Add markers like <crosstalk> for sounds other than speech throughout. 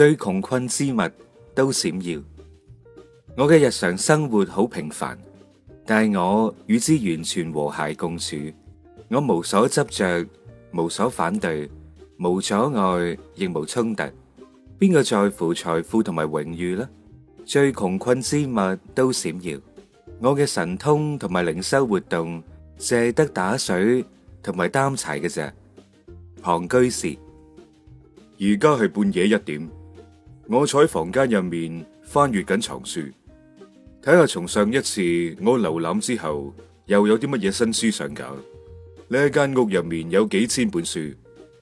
最窮困之物都閃耀，我嘅日常生活好平凡，但係我與之完全和諧共處，我無所執着，無所反對，無阻礙亦無衝突。邊個在乎財富同埋榮譽呢？最窮困之物都閃耀，我嘅神通同埋靈修活動借得打水同埋擔柴嘅啫。龐居士，而家係半夜一點。我坐喺房間入面翻閱緊藏書，睇下從上一次我瀏覽之後又有啲乜嘢新書上架。呢一間屋入面有幾千本書，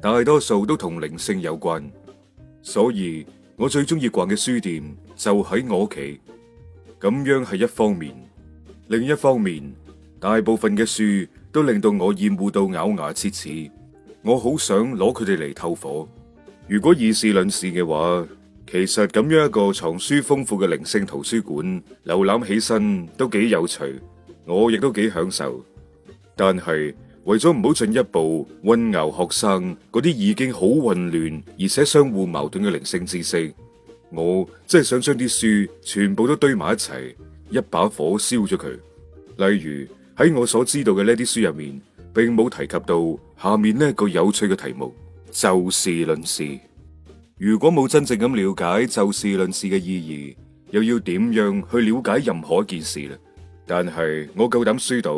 大多數都同靈性有關，所以我最中意逛嘅書店就喺我屋企。咁樣係一方面，另一方面，大部分嘅書都令到我厭惡到咬牙切齒，我好想攞佢哋嚟透火。如果以事論事嘅話。其實咁樣一個藏書豐富嘅靈性圖書館，瀏覽起身都幾有趣，我亦都幾享受。但係為咗唔好進一步混淆學生嗰啲已經好混亂而且相互矛盾嘅靈性知識，我真係想將啲書全部都堆埋一齊，一把火燒咗佢。例如喺我所知道嘅呢啲書入面，並冇提及到下面呢一個有趣嘅題目：就事論事。如果冇真正咁了解就事論事嘅意義，又要點樣去了解任何一件事呢？但係我夠膽輸到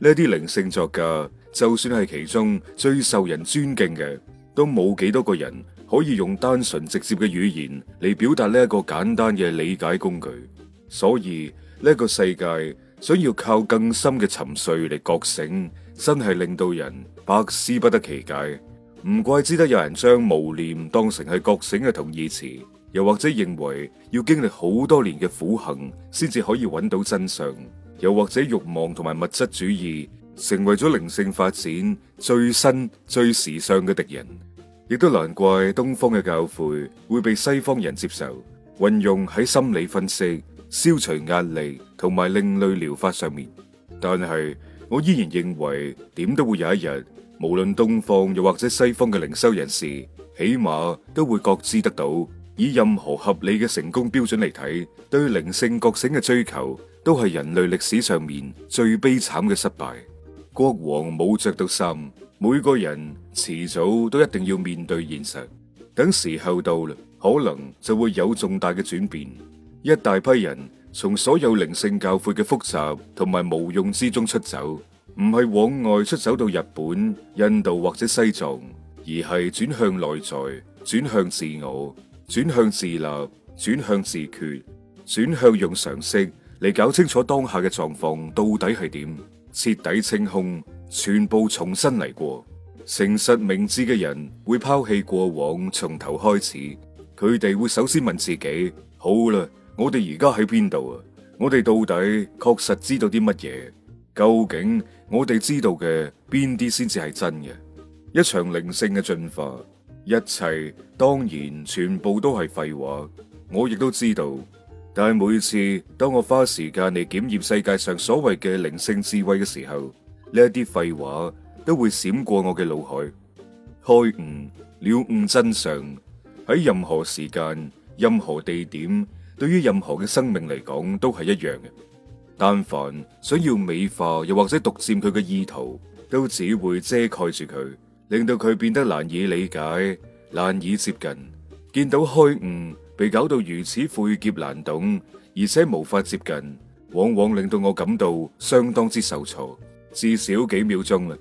呢啲靈性作家，就算係其中最受人尊敬嘅，都冇幾多個人可以用單純直接嘅語言嚟表達呢一個簡單嘅理解工具。所以呢個世界想要靠更深嘅沉睡嚟覺醒，真係令到人百思不得其解。唔怪之得有人將無念當成係覺醒嘅同義詞，又或者認為要經歷好多年嘅苦行先至可以揾到真相，又或者欲望同埋物質主義成為咗靈性發展最新最時尚嘅敵人，亦都難怪東方嘅教誨會被西方人接受，運用喺心理分析、消除壓力同埋另類療法上面。但係我依然認為，點都會有一日。無論東方又或者西方嘅靈修人士，起碼都會覺知得到，以任何合理嘅成功標準嚟睇，對靈性覺醒嘅追求都係人類歷史上面最悲慘嘅失敗。國王冇著到衫，每個人遲早都一定要面對現實。等時候到啦，可能就會有重大嘅轉變，一大批人從所有靈性教誨嘅複雜同埋無用之中出走。唔係往外出走到日本、印度或者西藏，而係轉向內在，轉向自我，轉向自立，轉向自決，轉向用常識嚟搞清楚當下嘅狀況到底係點，徹底清空，全部重新嚟過。誠實明智嘅人會拋棄過往，從頭開始。佢哋會首先問自己：「好啦，我哋而家喺邊度啊？我哋到底確實知道啲乜嘢？究竟？我哋知道嘅邊啲先至係真嘅，一場靈性嘅進化，一切當然全部都係廢話。我亦都知道，但係每次當我花時間嚟檢驗世界上所謂嘅靈性智慧嘅時候，呢一啲廢話都會閃過我嘅腦海，開悟了悟真相，喺任何時間、任何地點，對於任何嘅生命嚟講，都係一樣嘅。但凡想要美化又或者獨佔佢嘅意圖，都只會遮蓋住佢，令到佢變得難以理解、難以接近。見到虛誤被搞到如此晦澀難懂，而且無法接近，往往令到我感到相當之受挫。至少幾秒鐘啦，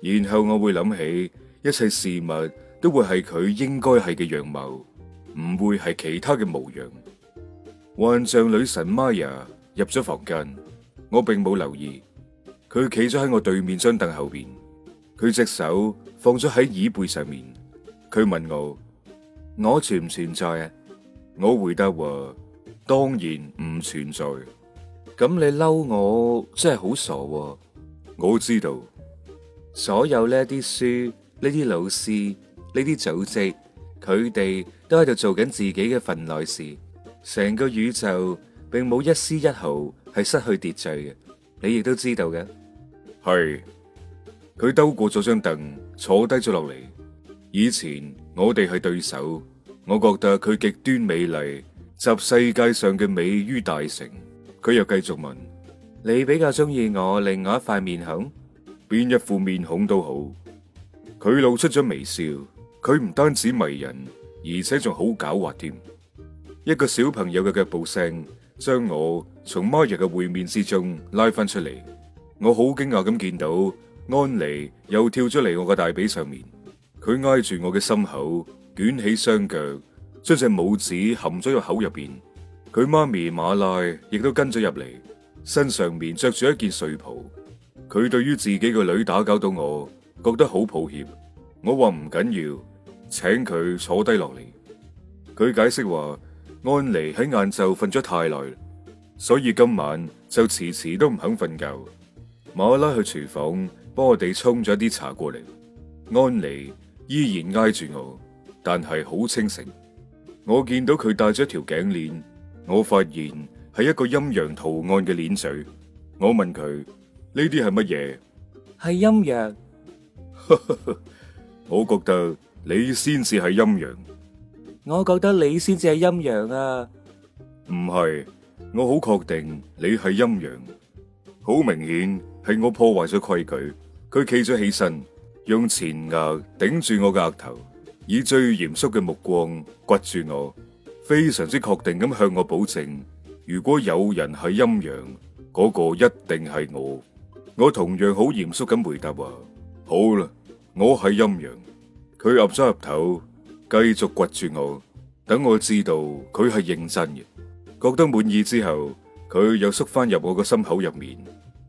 然後我會諗起一切事物都會係佢應該係嘅樣貌，唔會係其他嘅模樣。幻象女神 Maya。入咗房間，我並冇留意佢企咗喺我對面張凳後邊，佢隻手放咗喺椅背上面。佢問我：我存唔存在啊？我回答話：當然唔存在。咁你嬲我真係好傻啊。我知道所有呢一啲書、呢啲老師、呢啲組織，佢哋都喺度做緊自己嘅份內事。成個宇宙。並冇一絲一毫係失去秩序嘅，你亦都知道嘅。係，佢兜過咗張凳，坐低咗落嚟。以前我哋係對手，我覺得佢極端美麗，集世界上嘅美於大成。佢又繼續問：你比較中意我另外一塊面孔，邊一副面孔都好。佢露出咗微笑，佢唔單止迷人，而且仲好狡猾添。一個小朋友嘅腳步聲。將我從瑪雅嘅會面之中拉翻出嚟，我好驚訝咁見到安妮又跳咗嚟我嘅大髀上面，佢捱住我嘅心口，捲起雙腳，將隻拇指含咗入口入邊。佢媽咪馬拉亦都跟咗入嚟，身上面着住一件睡袍。佢對於自己個女打攪到我，覺得好抱歉。我話唔緊要，請佢坐低落嚟。佢解釋話。安妮喺晏晝瞓咗太耐，所以今晚就遲遲都唔肯瞓覺。馬拉去廚房幫我哋沖咗啲茶過嚟。安妮依然挨住我，但係好清醒。我見到佢戴咗一條頸鏈，我發現係一個陰陽圖案嘅鏈嘴。我問佢呢啲係乜嘢？係陰陽。 <laughs> 我覺得你先至係陰陽。我覺得你先至係陰陽啊！唔係，我好確定你係陰陽，好明顯係我破壞咗規矩。佢企咗起身，用前額頂住我嘅額頭，以最嚴肅嘅目光摑住我，非常之確定咁向我保證：如果有人係陰陽，嗰個一定係我。我同樣好嚴肅咁回答話：好啦，我係陰陽。佢岌咗岌頭。繼續掘住我，等我知道佢係認真嘅，覺得滿意之後，佢又縮翻入我個心口入面，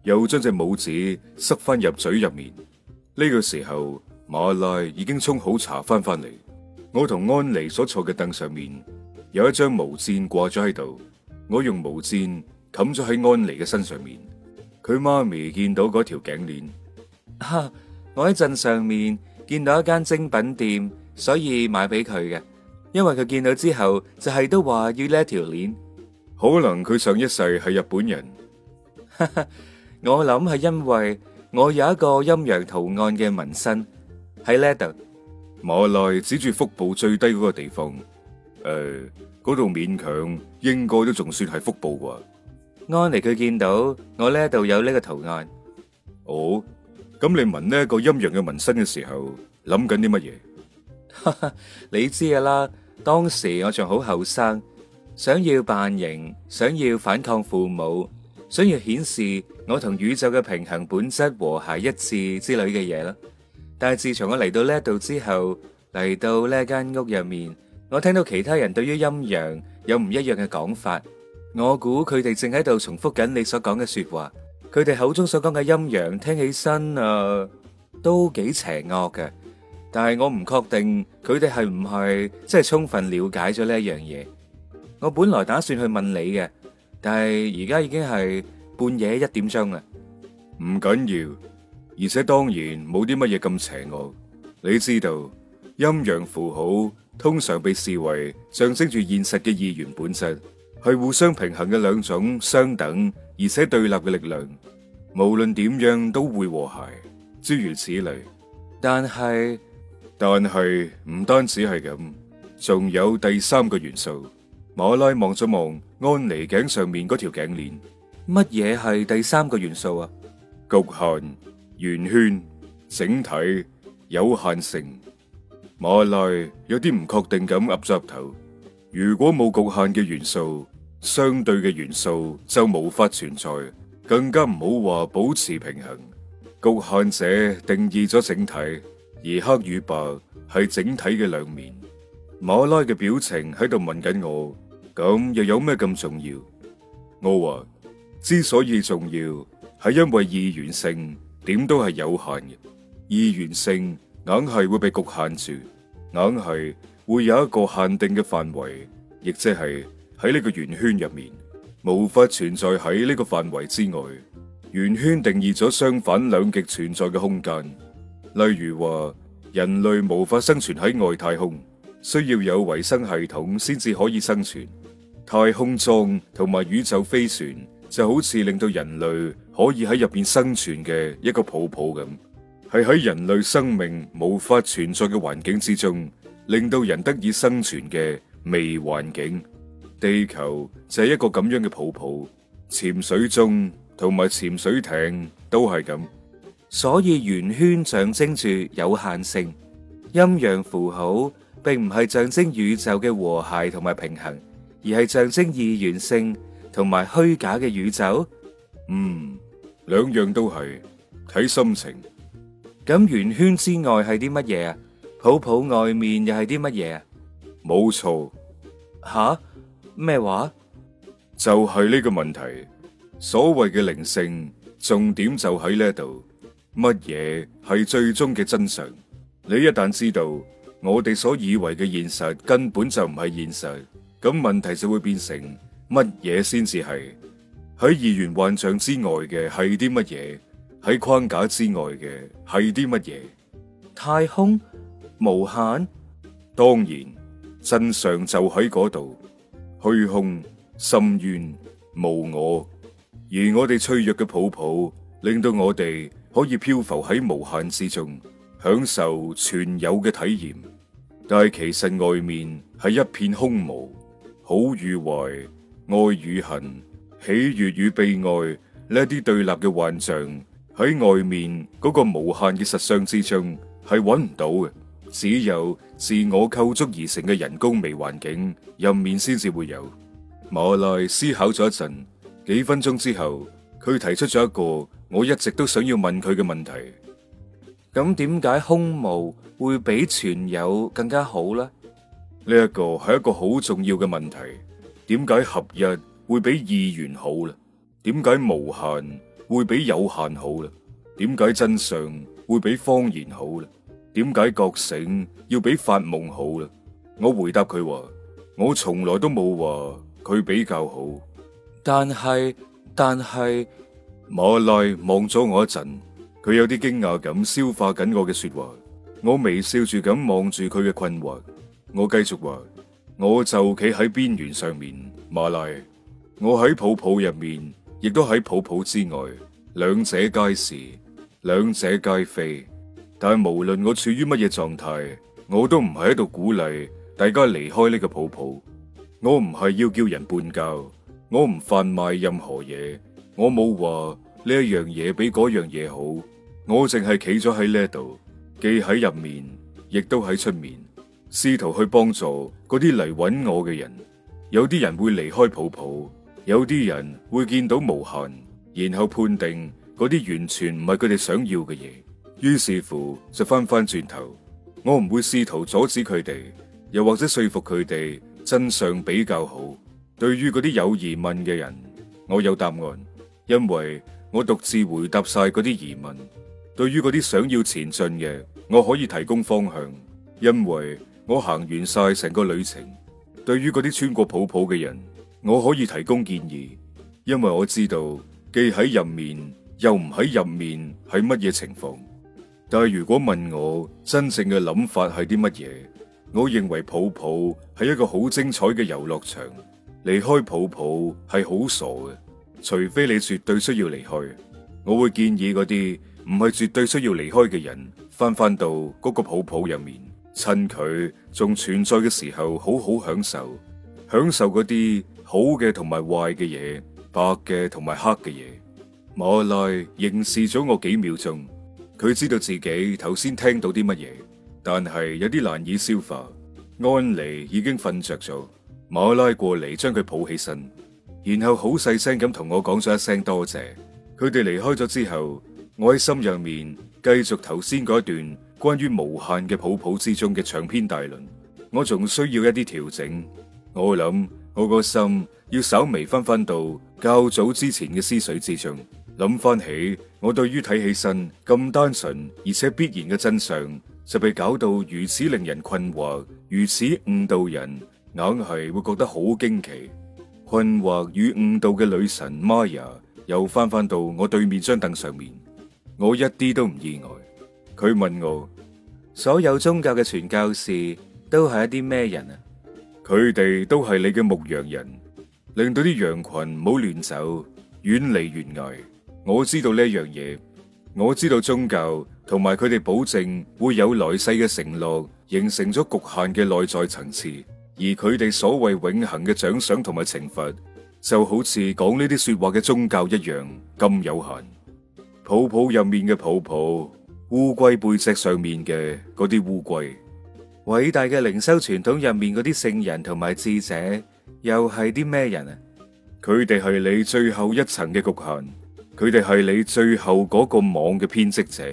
又將隻拇指塞翻入嘴入面。呢個時候，馬拉已經沖好茶翻返嚟。我同安妮所坐嘅凳上面有一張毛氈掛咗喺度，我用毛氈冚咗喺安妮嘅身上面。佢媽咪見到嗰條頸鏈，哈！我喺鎮上面見到一間精品店。所以買俾佢嘅，因為佢見到之後就係都話要呢一條鏈。可能佢上一世係日本人，我諗係因為我有一個陰陽圖案嘅紋身喺呢度。馬內指住腹部最低嗰個地方，誒，嗰度勉強應該都仲算係腹部啩。安妮佢見到我呢一度有呢個圖案。哦，咁你紋呢一個陰陽嘅紋身嘅時候諗緊啲乜嘢？ <laughs> 你知噶啦，當時我仲好後生，想要扮型，想要反抗父母，想要顯示我同宇宙嘅平衡本質和諧一致之類嘅嘢啦。但係自從我嚟到呢度之後，嚟到呢間屋入面，我聽到其他人對於陰陽有唔一樣嘅講法，我估佢哋正喺度重複緊你所講嘅說話，佢哋口中所講嘅陰陽聽起身啊、呃，都幾邪惡嘅。但係我唔確定佢哋係唔係真係充分了解咗呢一樣嘢。我本來打算去問你嘅，但係而家已經係半夜一點鐘啦。唔緊要，而且當然冇啲乜嘢咁邪惡。你知道陰陽符號通常被視為象徵住現實嘅二元本質，係互相平衡嘅兩種相等而且對立嘅力量，無論點樣都會和諧。諸如此類，但係。但係唔單止係咁，仲有第三個元素。馬拉望咗望安妮頸上面嗰條頸鏈，乜嘢係第三個元素啊？局限、圓圈、整體、有限性。馬拉有啲唔確定咁岌咗岌頭。如果冇局限嘅元素，相對嘅元素就無法存在，更加唔好話保持平衡。局限者定義咗整體。而黑與白係整體嘅兩面。馬拉嘅表情喺度問緊我，咁又有咩咁重要？我話之所以重要，係因為二元性點都係有限嘅，二元性硬係會被局限住，硬係會有一個限定嘅範圍，亦即係喺呢個圓圈入面，無法存在喺呢個範圍之外。圓圈定義咗相反兩極存在嘅空間。例如話，人類無法生存喺外太空，需要有維生系統先至可以生存。太空裝同埋宇宙飛船就好似令到人類可以喺入邊生存嘅一個泡泡咁，係喺人類生命無法存在嘅環境之中，令到人得以生存嘅微環境。地球就係一個咁樣嘅泡泡，潛水鐘同埋潛水艇都係咁。所以圓圈象徵住有限性，陰陽符號並唔係象徵宇宙嘅和諧同埋平衡，而係象徵二元性同埋虛假嘅宇宙。嗯，兩樣都係睇心情。咁圓圈之外係啲乜嘢啊？泡泡外面又係啲乜嘢啊？冇錯。吓咩話？就係呢個問題。所謂嘅靈性，重點就喺呢度。乜嘢係最終嘅真相？你一旦知道我哋所以為嘅現實根本就唔係現實，咁問題就會變成乜嘢先至係喺二元幻象之外嘅係啲乜嘢？喺框架之外嘅係啲乜嘢？太空無限，當然真相就喺嗰度，虛空、深淵、無我，而我哋脆弱嘅泡泡，令到我哋。可以漂浮喺無限之中，享受全有嘅體驗，但係其實外面係一片空無，好與壞、愛與恨、喜悦與悲哀呢一啲對立嘅幻象喺外面嗰個無限嘅實相之中係揾唔到嘅，只有自我構築而成嘅人工微環境入面先至會有。馬麗思考咗一陣，幾分鐘之後。佢提出咗一個我一直都想要問佢嘅問題，咁點解空無會比存有更加好呢？呢一個係一個好重要嘅問題，點解合一會比二元好呢？點解無限會比有限好呢？點解真相會比謊言好呢？點解覺醒要比發夢好呢？我回答佢話：我從來都冇話佢比較好，但係。但係，馬麗望咗我一陣，佢有啲驚訝咁消化緊我嘅說話。我微笑住咁望住佢嘅困惑。我繼續話：我就企喺邊緣上面，馬麗，我喺泡泡入面，亦都喺泡泡之外，兩者皆是，兩者皆非。但係無論我處於乜嘢狀態，我都唔係喺度鼓勵大家離開呢個泡泡。我唔係要叫人半教。我唔販賣任何嘢，我冇話呢一樣嘢比嗰樣嘢好，我淨係企咗喺呢度，既喺入面，亦都喺出面，試圖去幫助嗰啲嚟搵我嘅人。有啲人會離開泡泡，有啲人會見到無限，然後判定嗰啲完全唔係佢哋想要嘅嘢，於是乎就翻翻轉頭。我唔會試圖阻止佢哋，又或者說服佢哋真相比較好。對於嗰啲有疑問嘅人，我有答案，因為我獨自回答晒嗰啲疑問。對於嗰啲想要前進嘅，我可以提供方向，因為我行完晒成個旅程。對於嗰啲穿過泡泡嘅人，我可以提供建議，因為我知道既喺入面又唔喺入面係乜嘢情況。但係如果問我真正嘅諗法係啲乜嘢，我認為泡泡係一個好精彩嘅遊樂場。離開泡泡係好傻嘅，除非你絕對需要離開。我會建議嗰啲唔係絕對需要離開嘅人，翻翻到嗰個泡泡入面，趁佢仲存在嘅時候，好好享受，享受嗰啲好嘅同埋壞嘅嘢，白嘅同埋黑嘅嘢。馬拉凝視咗我幾秒鐘，佢知道自己頭先聽到啲乜嘢，但係有啲難以消化。安妮已經瞓着咗。馬拉過嚟，將佢抱起身，然後好細聲咁同我講咗一聲多謝。佢哋離開咗之後，我喺心入面繼續頭先嗰段關於無限嘅抱抱之中嘅長篇大論。我仲需要一啲調整。我諗我個心要稍微翻翻到較早之前嘅思緒之中，諗翻起我對於睇起身咁單純而且必然嘅真相，就被搞到如此令人困惑，如此誤導人。硬係會覺得好驚奇，困惑與誤導嘅女神瑪雅又返返到我對面張凳上面，我一啲都唔意外。佢問我，所有宗教嘅傳教士都係一啲咩人啊？佢哋都係你嘅牧羊人，令到啲羊群唔好亂走，遠離懸崖。我知道呢樣嘢，我知道宗教同埋佢哋保證會有來世嘅承諾，形成咗局限嘅內在層次。而佢哋所謂永恆嘅獎賞同埋懲罰，就好似講呢啲說話嘅宗教一樣咁有限。泡泡入面嘅泡泡，烏龜背脊上面嘅嗰啲烏龜，偉大嘅靈修傳統入面嗰啲聖人同埋智者，又係啲咩人啊？佢哋係你最後一層嘅局限，佢哋係你最後嗰個網嘅編織者，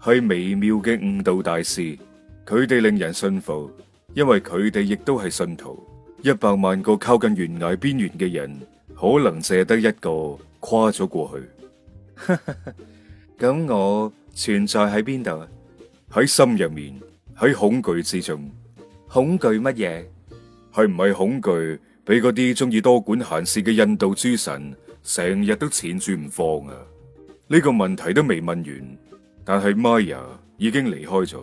係微妙嘅誤導大師，佢哋令人信服。因為佢哋亦都係信徒，一百萬個靠近懸崖邊緣嘅人，可能淨係得一個跨咗過去。咁 <laughs> 我存在喺邊度啊？喺心入面，喺恐懼之中。恐懼乜嘢？係唔係恐懼？俾嗰啲中意多管閒事嘅印度諸神成日都纏住唔放啊？呢、這個問題都未問完，但係 Maya 已經離開咗。